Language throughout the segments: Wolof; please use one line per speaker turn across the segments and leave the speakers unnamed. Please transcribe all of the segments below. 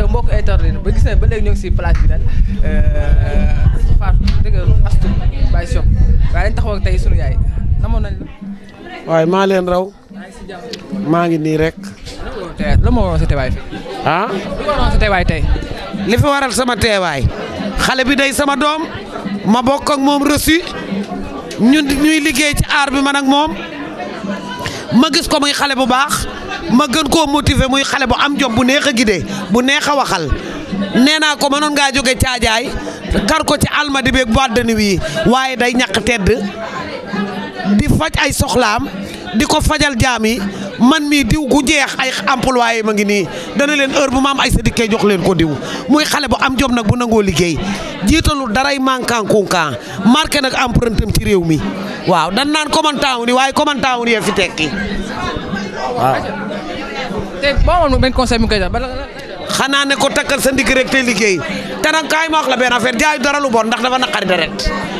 aca mbokk
internet eh, ba gis nañ ba léegi ñoo ngi si place bi daal Fatou dëgg astu Baye Sox waaye dañ taxaw ak tey sunu yaay namoon nañ la
waaye maa leen raw maa ngi nii rek la moo waroon sa teewaay fi ah lu waroon sa teewaay tey li fi waral sama teewaay xale bi day sama doom ma bokk ak moom reçu ñun ñuy liggéey ci aar bi man ak moom ma gis ko muy xale bu baax ma gën koo motiver muy xale bu am jom bu neex a gidee bu neex a waxal nee naa ko mënoon ngaa jóge caajaay kar ko ci almadi beeg boîte de waaye day ñàkk tedd di faj ay soxlaam di ko fajal jaam yi man mii diw gu jeex ay employé ma ngi nii dana leen heure bu ma am ay syndicat jox leen ko diw muy xale bu am jom nag bu nangoo liggéey jiitalu daray mankan kunkan marqué nag empruntam ci réew mi waaw dan naan commentaawun yi waaye commentaawun yee fi tekki waaw.
te boo amoon benn conseil mu koy jox
xanaa ne ko takkal sa ndigg rek te liggéey te nag kaay ma la benn affaire jaay dara lu bon ndax dafa naqari deret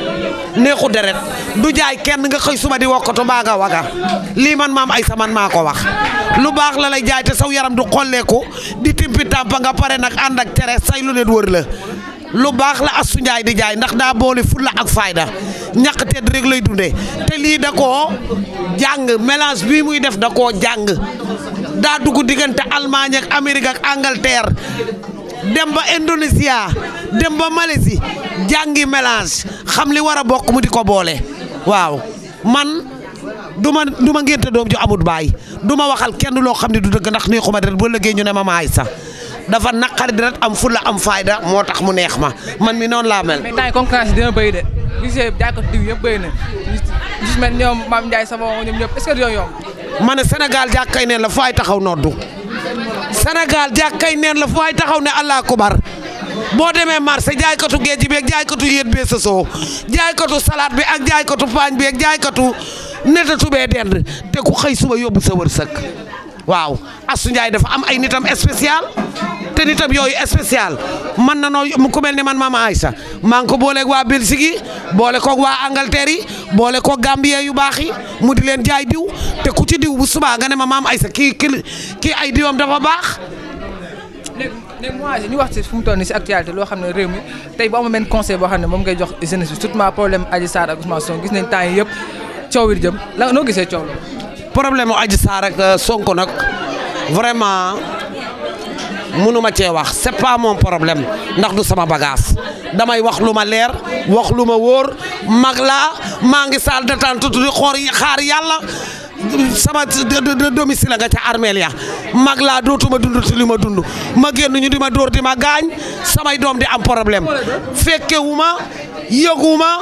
neexu deret du jaay kenn nga xëy suba di wokkatu mbaa nga waga lii man maam ay sa man maa ko wax lu baax la lay jaay te saw yaram du xolleeku di timpi tàmpa nga pare nag ànd ak tere say lu net wër la lu baax la Astu Njaay di jaay ndax daa boole fulla ak fayda ñaq tedd rek lay dunde te lii da koo jàng mélange bi muy def da koo jàng daa dugg diggante Allemagne ak Amérique ak Angleterre dem ba Indonesia dem ba Malaisie jàngi mélange xam li war a bokk mu di ko boole waaw man du ma du ma ngénte doom ju amut baay du ma waxal kenn loo xam ne du dëgg ndax neexuma deret ba léegi ñu ne ma maay sax dafa naqari deret am fulla am fayda moo tax mu neex ma man mi noonu laa mel. mais temps yi concurrence dina bëri de gisee jàkkaat yëpp na gis mel ñoom Mame Ndiaye sama ñoom ñëpp est-ce ma ne Sénégal jàkkay ne la faay taxaw noddu Sénégal jàkkay neen la fu waay taxaw ne allah kubar boo demee marché jaaykatu géej bi ak jaaykatu yéet bee sasoo jaaykatu salade bi ak jaaykatu paañ bi ak jaaykatu netatu bee dend te ku xëy suba yóbbu sa wërsëg waaw Asu Njaay dafa am ay nitam spécial te nitam yooyu spécial man na noo ku mel ne man maama Aïssa maa ko booleeg waa Belgique yi boole koog waa Angleterre boole koog Gambie yu baax yi mu di leen jaay diw te ku ci diw bu subaa nga ne ma maam Aïssa ki kii ay diwam dafa baax.
léegi mois ñu wax ci fu mu toll nii ci actualité loo xam ne réew mi tey boo amul benn conseil boo xam ne moom ngay jox jeunesse bi surtout problème Adji Sarr ak gis nañ temps yi yëpp la noo gisee coow la. problème euh,
nag vraiment. mënuma cee wax c'est pas mon problème ndax du sama bagage damay wax lu ma leer wax lu ma wóor mag laa maa ngi saal d'attente di xoor xaar yàlla sama domicile la nga ca armeel ya mag laa dootuma dund ci li ma dund ma génn ñu di ma dóor di ma gaañ samay doom di am problème fekkewuma yëguma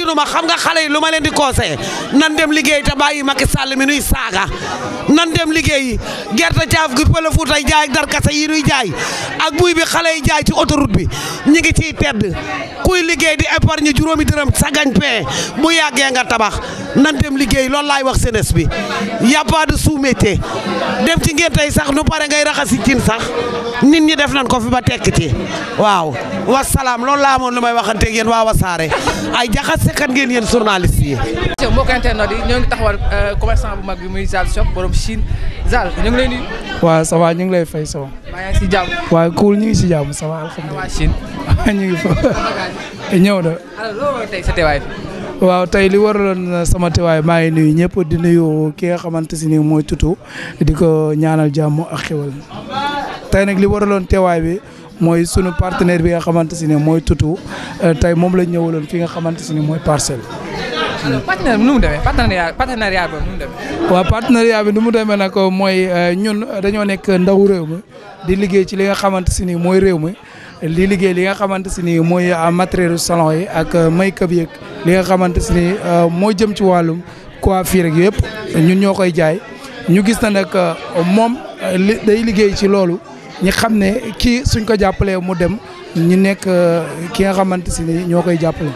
tiinu ma xam nga xale yi lu ma leen di conseillé nan dem liggéey te bàyyi Macky Sall mi nuy saaga nan dem liggéey gerte caaf gi pël fuutay jaay ak darkase yi nuy jaay ak buy bi xale yi jaay ci autoroute bi ñi ngi ciy tedd kuy liggéey di épargne juróomi dërëm sagañ pee bu yàggee nga tabax nan dem liggéey loolu laay wax senes bi y a pas de sous ci ngeen tey sax nu pare ngay raxas raxasi cin sax nit ñi def nan ko fi ba tekk ci waaw wasalaam loolu laa moon lu may waxanteeg yéen waa wasaare ay jaxase kat ngeen yéen journaliste
yi mbokk internet yi ñoo ngi taxawal euh, commerçant bu mag bi muy Zal Shop borom Chine Zal ñu ngi lay
waaw ñu ngi lay fay ça va si jàmm waaw cool ñu ngi si jàmm ça va alhamdulilah Chine ñu ngi fa ñëw da
alors loolu
waaw tey li waraloon sama teewaay maa ngi nuyu ñëpp di nuyu ki nga xamante si nii mooy tutu di ko ñaanal jàmm ak xéwal tey nag li waraloon teewaay bi mooy sunu partenaire bi nga xamante si ni mooy tutu eh, tey moom la ñëwaloon fi nga xamante si ni mooy parcelle.
Hmm. partenaire bi nu mu demee partenariat waaw
partenariat bi nu mu demee nag mooy eh, ñun dañoo nekk ndaw réew mi di liggéey ci li nga xamante si ni mooy réew mi. li liggéey li nga xamante si ni mooy euh, matériel salon yi ak euh, make-up yeeg li nga xamante si ni euh, moo jëm ci wàllum coiffure ak yëpp ñun ñoo koy jaay ñu gis na nag moom day liggéey ci loolu ñi xam ne kii suñ ko jàppalee mu dem ñu nekk ki nga xamante si ni ñoo koy jàppale.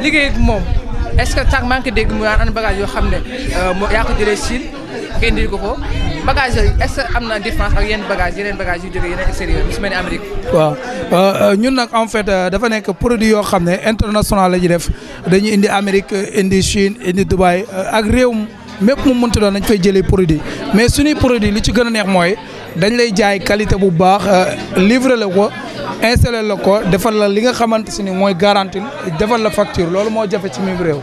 liggéey moom est-ce que sax maa ngi ko dégg mu daan an bagage yoo xam ne moo yaa ko jëlee Chine nga indil ko ko. bagage yooyu est am na différence ak yenn bagage yeneen bagage yu jógee yeneen extérieur bi su mel ni Amérique.
waaw euh, euh, ñun nag en fait euh, dafa nekk produit yoo xam ne international la ñuy def dañuy indi Amérique indi Chine indi Dubaï ak réew mépp mu mënti doon nañ fay jëlee produit mais suñuy produit li ci gën a neex mooy. dañ lay jaay qualité bu baax euh, livrer la ko installer la ko defal la li nga xamanteni si ni mooy garantie defal la facture loolu moo jafe ci mim réew.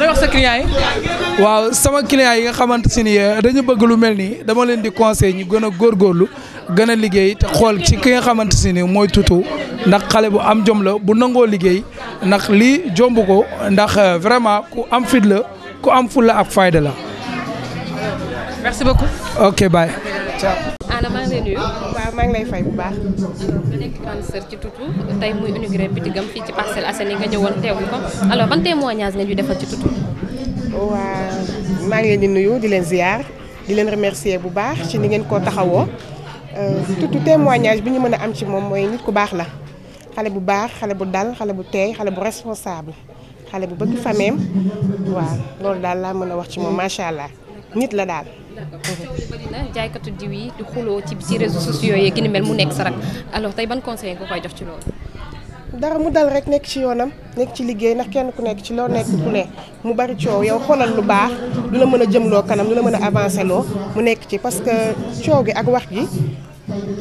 lay wax sa client yi. waaw sama client yi nga xamanteni ni euh, dañu bëgg lu mel nii dama leen di conseil ñu gën a góorgóorlu gën a liggéey te xool ci ki nga xamanteni si ni mooy tutu ndax xale bu am jom la bu nangoo liggéey ndax lii jomb ko ndax euh, vraiment ku am fit la ku am la ak fayda la. merci beaucoup. ok bye.
Thiam.
Anna maa ngi lay nuyu. waaw maa ngi lay fay bu baax. nga nekk grande sœur ci Toutou tey muy inauguré bitigam fii ci Parcelles Assainies nga ñëwoon teewlu ko alors ban
témoignage nga ñu defal ci Toutou. waaw maa bu baax ci ni ngeen ko taxawoo euh, Toutou témoignage bi ñu mën a am ci moom mooy nit la bu baax xale bu dal xale bu teey xale bu responsable xale bu allah nit la daal.
d'accord coow li bari na yi di mu nekk sa rak alors tey ban conseil nga koy jox ci loolu.
dara mu dal rek nekk ci yoonam nekk ci liggéey ndax kenn ku nekk ci loo nekk ku ne mu bari coow yow xoolal lu baax lu la mën a jëmloo kanam lu la mën a avancé loo mu nekk ci parce que coow gi ak wax gi.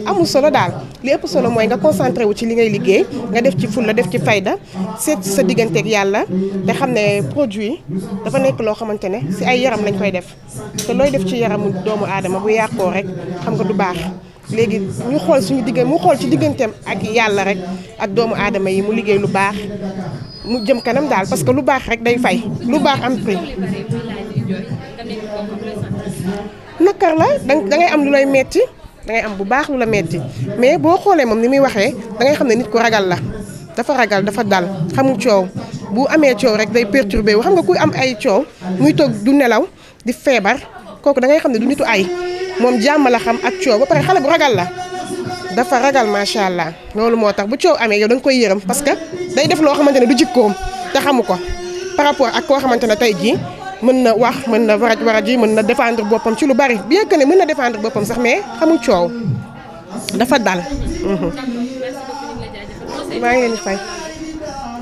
amul solo daal li ëpp solo mooy nga concentré wu ci li ngay liggéey nga def ci fulla def ci fayda seet sa digganteeg yàlla te xam ne produit dafa nekk loo xamante ne si ay yaram lañ koy def te looy def ci yaramu doomu aadama bu yàqoo rek xam nga du baax léegi ñu xool suñu diggante mu xool ci digganteem ak yàlla rek ak doomu aadama yi mu liggéey lu baax mu jëm kanam daal parce que lu baax rek day fay lu baax am prix nakar la da am lu lay metti dangay am bu baax lu la metti mais boo xoolee moom ni muy waxee dangay xam ne nit ku ragal la dafa ragal dafa dal xamul coow bu amee coow rek day perturbé wu xam nga kuy am ay coow muy toog du nelaw di feebar kooku dangay xam ne du nitu ay moom jàmm la xam ak coow ba pare xale bu ragal la dafa ragal macha allah loolu moo tax bu coow amee yow da koy yërëm parce que day def loo xamante ne du jikkoom te xamu ko par rapport ak koo xamante ne tey jii mën na wax mën na waraj waraj yi mën na défendre boppam ci lu bari bu que ne mën na défendre boppam sax mais xamul coow dafa dal. Mhm. maa ngeen leen di fay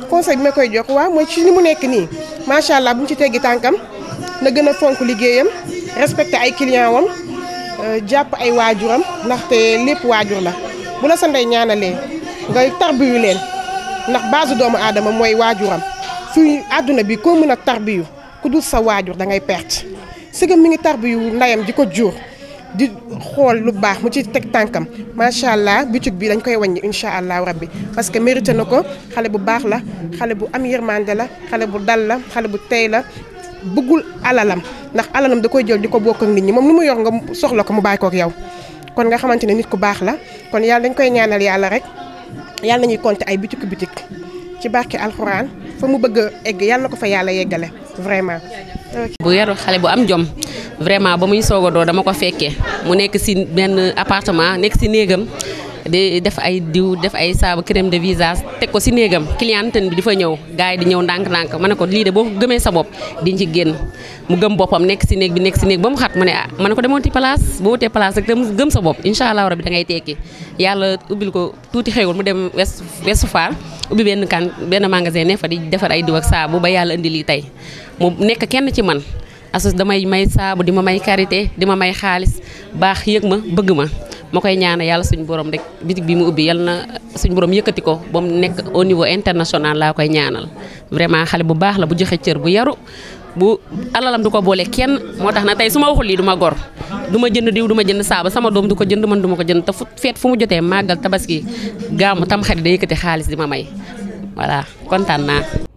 conseil bi ma koy jox waa mooy ci li mu nekk nii macha allah bu mu ci teggi tànkam na gën a fonk liggéeyam respecté ay client wam euh, jàpp ay waajuram ndaxte lépp waajur la bu la sa ndey ñaanalee ngay tarbiyu leen ndax baasu doomu aadama mooy waajuram suy àdduna bi ko mën a tarbiyu ku dul sa waajur da ngay perte sëgam mi ngi tarbiyu ndayam di ko jur di xool lu baax mu ci teg tànkam macha allah butik bi dañ koy wàññi incha allah rabbi parce que mérité na ko xale bu baax la xale bu am yërmande la xale bu dal la xale bu tey la bëggul alalam ndax alalam da koy jël di ko bokk ak nit ñi moom lu mu yor nga soxla ko mu bàyyi kook yow kon nga xamante ne nit ku baax la kon yàlla dañ koy ñaanal yàlla rek yàlla ñuy compter ay bitik bitik ci barke alxuraan. fa mu bëgg a egg yàlla ko fa yàlla yeggale vraiment.
bu yaru xale bu am jom vraiment ba muy soog a doo dama ko fekkee mu nekk si benn appartement nekk si néegam. di def ay diw def ay saabu crème de visage teg ko si néegam clientène bi di ñëw gars yi di ñëw ndànk-ndànk ma ne ko lii de boo gëmee sa bopp di ci génn mu gëm boppam nekk si néeg bi nekk si néeg ba mu xat mu ne ah ma ko demoon ci place boo wutee place rek te mu gëm sa bopp incha allah rabi da ngay tekki yàlla ubbil ko tuuti xewul mu dem west west faar ubbi benn kan benn magasin ne fa di defar ay diw ak saabu ba yàlla indi lii tey mu nekk kenn ci man asos damay may saabu di ma may karité di ma may xaalis baax yëg ma bëgg ma ma koy ñaana yàlla suñu borom rek bitig bi mu ubbi yal na suñu borom yëkkati ko ba mu nekk au niveau international laa koy ñaanal vraiment xale bu baax la bu joxee cër bu yaru bu alalam du ko boole kenn moo tax na tey su ma waxul lii du ma gor du ma jënd diw duma ma jënd saaba sama doom du ko jënd man du ma ko jënd te fu feet fu mu jotee màggal tabaski gaamu tam xarit day yëkkati xaalis di ma may voilà kontaan naa.